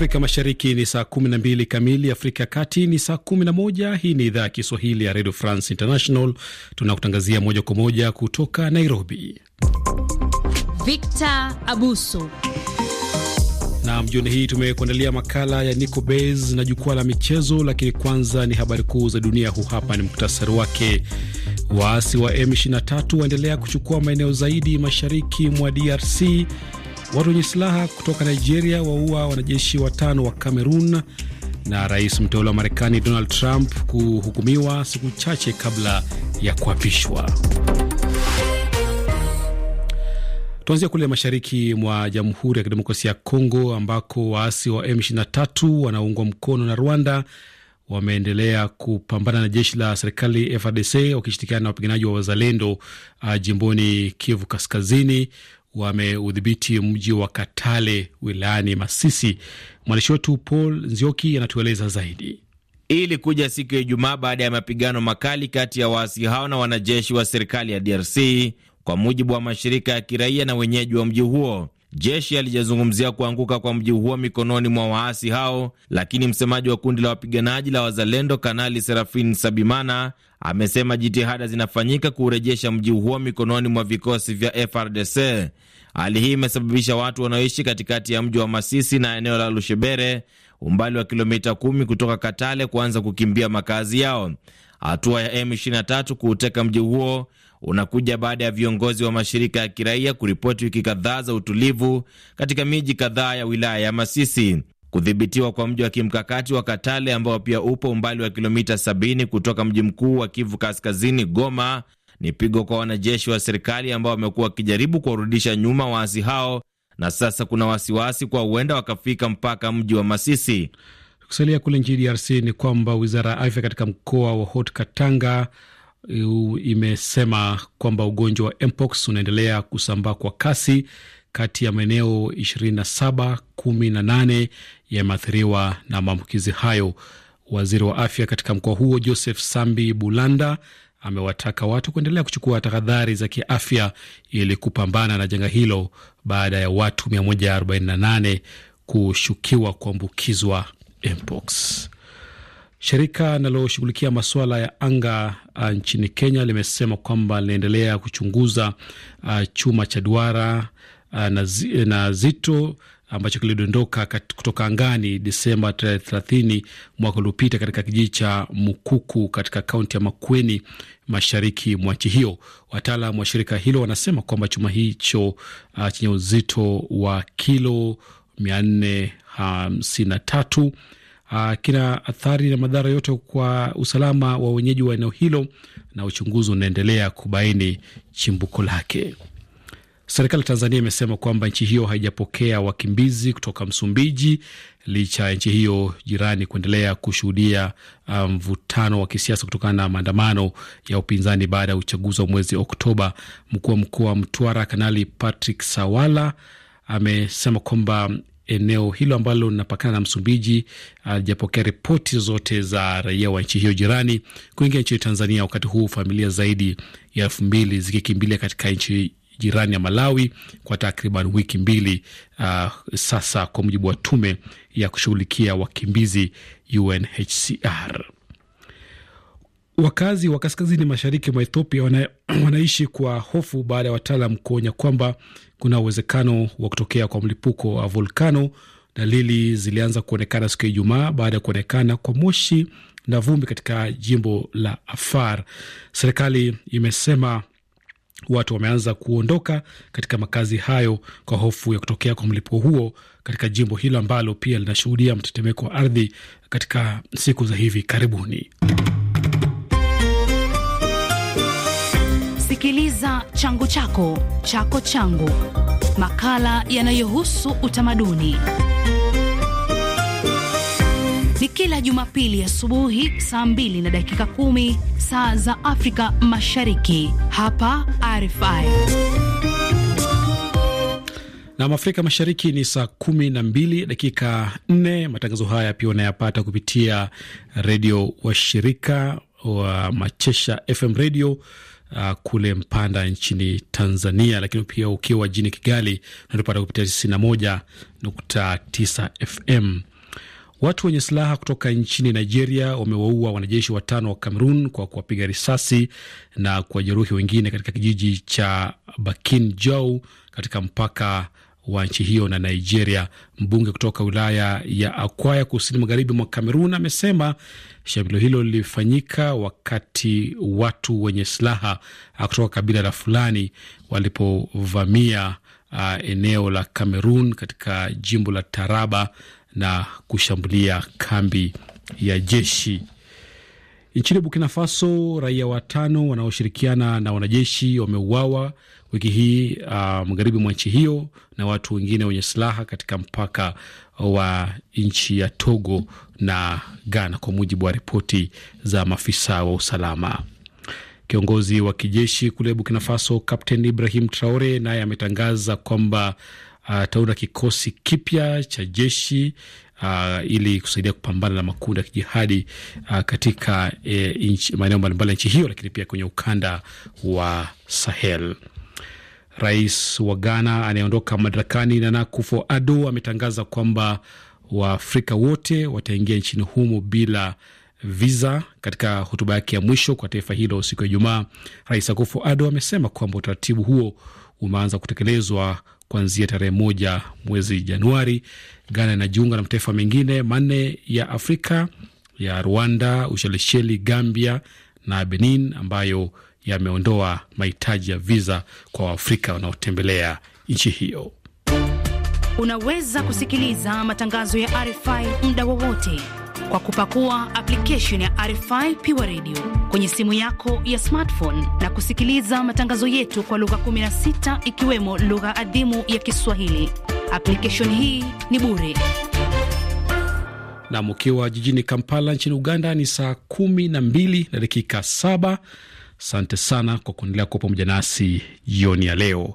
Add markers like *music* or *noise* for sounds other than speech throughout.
Afrika Mashariki ni saa 12 kamili, Afrika ya Kati ni saa 11. Hii ni idhaa ya Kiswahili ya Radio France International, tunakutangazia moja kwa moja kutoka Nairobi. Victor Abuso nam jioni hii tumekuandalia makala ya Nico Bas na jukwaa la michezo, lakini kwanza ni habari kuu za dunia. Huu hapa ni muktasari wake. Waasi wa M23 waendelea kuchukua maeneo zaidi mashariki mwa DRC. Watu wenye silaha kutoka Nigeria waua wanajeshi watano wa Cameroon, na rais mteule wa Marekani Donald Trump kuhukumiwa siku chache kabla ya kuapishwa. Tuanzia kule mashariki mwa Jamhuri ya Kidemokrasia ya Kongo ambako waasi wa M23 wanaoungwa mkono na Rwanda wameendelea kupambana na jeshi la serikali frdc wakishirikiana na wapiganaji wa Wazalendo ah, jimboni Kivu Kaskazini, wameudhibiti mji wa Katale wilayani Masisi. Mwandishi wetu Paul Nzioki anatueleza zaidi. Ili kuja siku ya Ijumaa baada ya mapigano makali kati ya waasi hao na wanajeshi wa serikali ya DRC, kwa mujibu wa mashirika ya kiraia na wenyeji wa mji huo. Jeshi alijazungumzia kuanguka kwa mji huo mikononi mwa waasi hao, lakini msemaji wa kundi la wapiganaji la Wazalendo Kanali Serafin Sabimana amesema jitihada zinafanyika kuurejesha mji huo mikononi mwa vikosi vya FRDC. Hali hii imesababisha watu wanaoishi katikati ya mji wa Masisi na eneo la Lushebere, umbali wa kilomita kumi kutoka Katale, kuanza kukimbia makazi yao. Hatua ya M23 kuuteka mji huo unakuja baada ya viongozi wa mashirika ya kiraia kuripoti wiki kadhaa za utulivu katika miji kadhaa ya wilaya ya Masisi. Kudhibitiwa kwa mji wa kimkakati wa Katale ambao pia upo umbali wa kilomita 70 kutoka mji mkuu wa Kivu Kaskazini, Goma, ni pigo kwa wanajeshi wa serikali ambao wamekuwa wakijaribu kuwarudisha nyuma waasi hao, na sasa kuna wasiwasi kwa huenda wakafika mpaka mji wa Masisi. Kusalia kule nchini DRC ni kwamba wizara ya afya katika mkoa wa Haut Katanga imesema kwamba ugonjwa wa mpox unaendelea kusambaa kwa kasi kati ya maeneo 27 18 yameathiriwa na maambukizi hayo. Waziri wa afya katika mkoa huo Joseph Sambi Bulanda amewataka watu kuendelea kuchukua tahadhari za kiafya ili kupambana na janga hilo baada ya watu 148 kushukiwa kuambukizwa mpox. Shirika linaloshughulikia masuala ya anga uh, nchini Kenya limesema kwamba linaendelea kuchunguza uh, chuma cha duara uh, na, zi, na zito ambacho kilidondoka kutoka angani Desemba tarehe thelathini mwaka uliopita katika kijiji cha Mukuku katika kaunti ya Makueni mashariki mwa nchi hiyo. Wataalam wa shirika hilo wanasema kwamba chuma hicho uh, chenye uzito wa kilo mia nne hamsini na tatu uh, kina athari na madhara yote kwa usalama wa wenyeji wa eneo hilo, na uchunguzi unaendelea kubaini chimbuko lake. Serikali ya Tanzania imesema kwamba nchi hiyo haijapokea wakimbizi kutoka Msumbiji licha ya nchi hiyo jirani kuendelea kushuhudia ah, mvutano um, wa kisiasa kutokana na maandamano ya upinzani baada ya uchaguzi wa mwezi Oktoba. Mkuu wa mkoa wa Mtwara Kanali Patrick Sawala amesema kwamba eneo hilo ambalo linapakana na Msumbiji alijapokea ripoti zote za raia wa nchi hiyo jirani kuingia nchini Tanzania, wakati huu familia zaidi ya elfu mbili zikikimbilia katika nchi jirani ya Malawi kwa takriban wiki mbili uh, sasa, kwa mujibu wa tume ya kushughulikia wakimbizi UNHCR. Wakazi wa kaskazini mashariki mwa Ethiopia wana, *clears throat* wanaishi kwa hofu baada ya wataalam kuonya kwamba kuna uwezekano wa kutokea kwa mlipuko wa volkano. Dalili zilianza kuonekana siku ya Ijumaa baada ya kuonekana kwa moshi na vumbi katika jimbo la Afar. Serikali imesema watu wameanza kuondoka katika makazi hayo kwa hofu ya kutokea kwa mlipuko huo katika jimbo hilo ambalo pia linashuhudia mtetemeko wa ardhi katika siku za hivi karibuni. Sikiliza Changu Chako Chako Changu, makala yanayohusu utamaduni ni kila Jumapili asubuhi saa 2 na dakika 10 saa za Afrika Mashariki, hapa RFI na Afrika Mashariki ni saa kumi na mbili dakika nne. Matangazo haya pia unayapata kupitia redio washirika wa Machesha FM redio uh, kule Mpanda nchini Tanzania, lakini pia ukiwa jini Kigali unatupata kupitia 9 FM. Watu wenye silaha kutoka nchini Nigeria wamewaua wanajeshi watano wa Cameroon kwa kuwapiga risasi na kuwajeruhi wengine katika kijiji cha Bakin Jou katika mpaka wa nchi hiyo na Nigeria. Mbunge kutoka wilaya ya Akwaya kusini magharibi mwa Kamerun amesema shambulio hilo lilifanyika wakati watu wenye silaha ah, kutoka kabila la Fulani walipovamia uh, eneo la Kamerun katika jimbo la Taraba na kushambulia kambi ya jeshi. Nchini Burkina Faso, raia watano wanaoshirikiana na wanajeshi wameuawa wiki hii uh, magharibi mwa nchi hiyo na watu wengine wenye silaha katika mpaka wa nchi ya Togo na Ghana, kwa mujibu wa ripoti za maafisa wa usalama. Kiongozi wa kijeshi kule Burkina Faso Kapten Ibrahim Traore naye ametangaza kwamba ah, ataunda kikosi kipya cha jeshi uh, ili kusaidia kupambana na makundi ya kijihadi uh, katika uh, maeneo mbalimbali ya nchi hiyo, lakini pia kwenye ukanda wa Sahel. Rais wa Ghana anayeondoka madarakani Nana Akufo-Addo ametangaza kwamba Waafrika wote wataingia nchini humo bila visa. Katika hotuba yake ya mwisho kwa taifa hilo siku ya Ijumaa, Rais Akufo-Addo amesema kwamba utaratibu huo umeanza kutekelezwa kuanzia tarehe moja mwezi Januari. Ghana inajiunga na mataifa mengine manne ya Afrika ya Rwanda, Ushelisheli, Gambia na Benin ambayo yameondoa mahitaji ya viza kwa Waafrika wanaotembelea nchi hiyo. Unaweza kusikiliza matangazo ya RFI muda wowote kwa kupakua application ya RFI Pure Radio kwenye simu yako ya smartphone na kusikiliza matangazo yetu kwa lugha 16 ikiwemo lugha adhimu ya Kiswahili. Application hii ni bure. nam ukiwa jijini Kampala nchini Uganda ni saa kumi na mbili na dakika saba. Asante sana kwa kuendelea kuwa pamoja nasi jioni ya leo.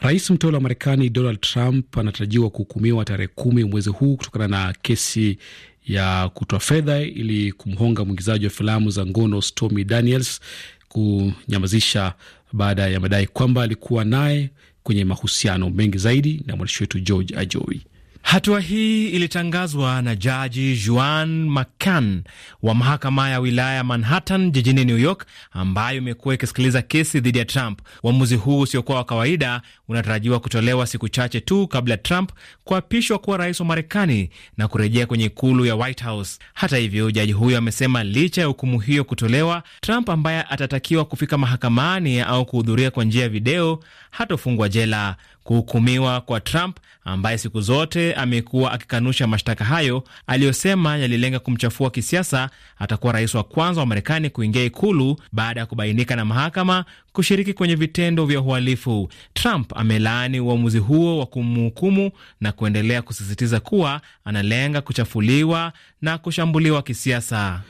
Rais mteule wa Marekani Donald Trump anatarajiwa kuhukumiwa tarehe kumi mwezi huu kutokana na kesi ya kutoa fedha ili kumhonga mwigizaji wa filamu za ngono Stormy Daniels kunyamazisha baada ya madai kwamba alikuwa naye kwenye mahusiano mengi zaidi, na mwandishi wetu George Ajoi. Hatua hii ilitangazwa na jaji Juan McCann wa mahakama ya wilaya Manhattan jijini New York, ambayo imekuwa ikisikiliza kesi dhidi ya Trump. Uamuzi huu usiokuwa wa kawaida unatarajiwa kutolewa siku chache tu kabla Trump kuapishwa kuwa rais wa Marekani na kurejea kwenye ikulu ya White House. Hata hivyo, jaji huyo amesema licha ya hukumu hiyo kutolewa, Trump ambaye atatakiwa kufika mahakamani au kuhudhuria kwa njia ya video hatofungwa jela kuhukumiwa kwa Trump ambaye siku zote amekuwa akikanusha mashtaka hayo aliyosema yalilenga kumchafua kisiasa, atakuwa rais wa kwanza wa Marekani kuingia ikulu baada ya kubainika na mahakama kushiriki kwenye vitendo vya uhalifu. Trump amelaani uamuzi huo wa kumhukumu na kuendelea kusisitiza kuwa analenga kuchafuliwa na kushambuliwa kisiasa.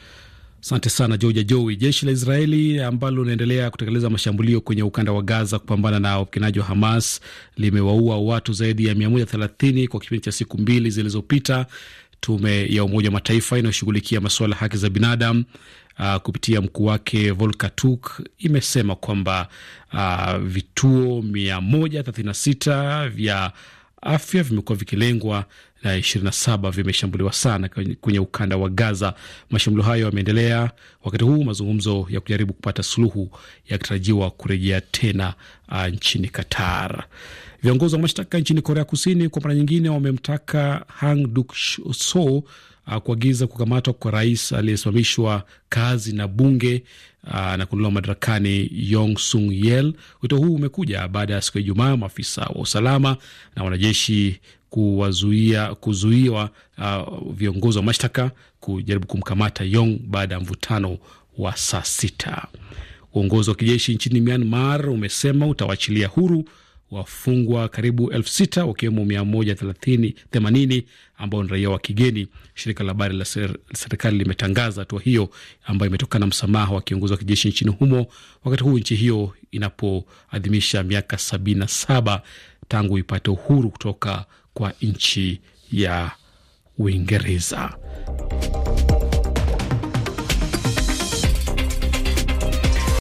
Asante sana Joja Joi. Jeshi la Israeli ambalo linaendelea kutekeleza mashambulio kwenye ukanda wa Gaza kupambana na wapiganaji wa Hamas limewaua watu zaidi ya 130 kwa kipindi cha siku mbili zilizopita. Tume ya Umoja wa Mataifa inayoshughulikia masuala ya haki za binadamu Uh, kupitia mkuu wake Volker Turk imesema kwamba uh, vituo 136 vya afya vimekuwa vikilengwa la 27 vimeshambuliwa sana kwenye ukanda wa Gaza. Mashambulio hayo yameendelea wakati huu mazungumzo ya kujaribu kupata suluhu yakitarajiwa kurejea tena uh, nchini Qatar. Viongozi wa mashtaka nchini Korea Kusini kwa mara nyingine wamemtaka Hang Duk-soo uh, kuagiza kukamatwa kwa rais aliyesimamishwa kazi na bunge uh, na kuondolewa madarakani Yong Sung Yel. Wito huu umekuja baada ya siku ya Ijumaa maafisa wa usalama na wanajeshi kuwazuia kuzuiwa uh, viongozi wa mashtaka kujaribu kumkamata Yong baada ya mvutano wa saa sita. Uongozi wa kijeshi nchini Myanmar umesema utawachilia huru wafungwa karibu elfu sita wakiwemo mia moja themanini ambao ni raia wa kigeni. Shirika la habari la serikali limetangaza hatua hiyo ambayo imetokana na msamaha wa kiongozi wa kijeshi nchini humo, wakati huu nchi hiyo inapoadhimisha miaka sabini na saba tangu ipate uhuru kutoka kwa nchi ya Uingereza.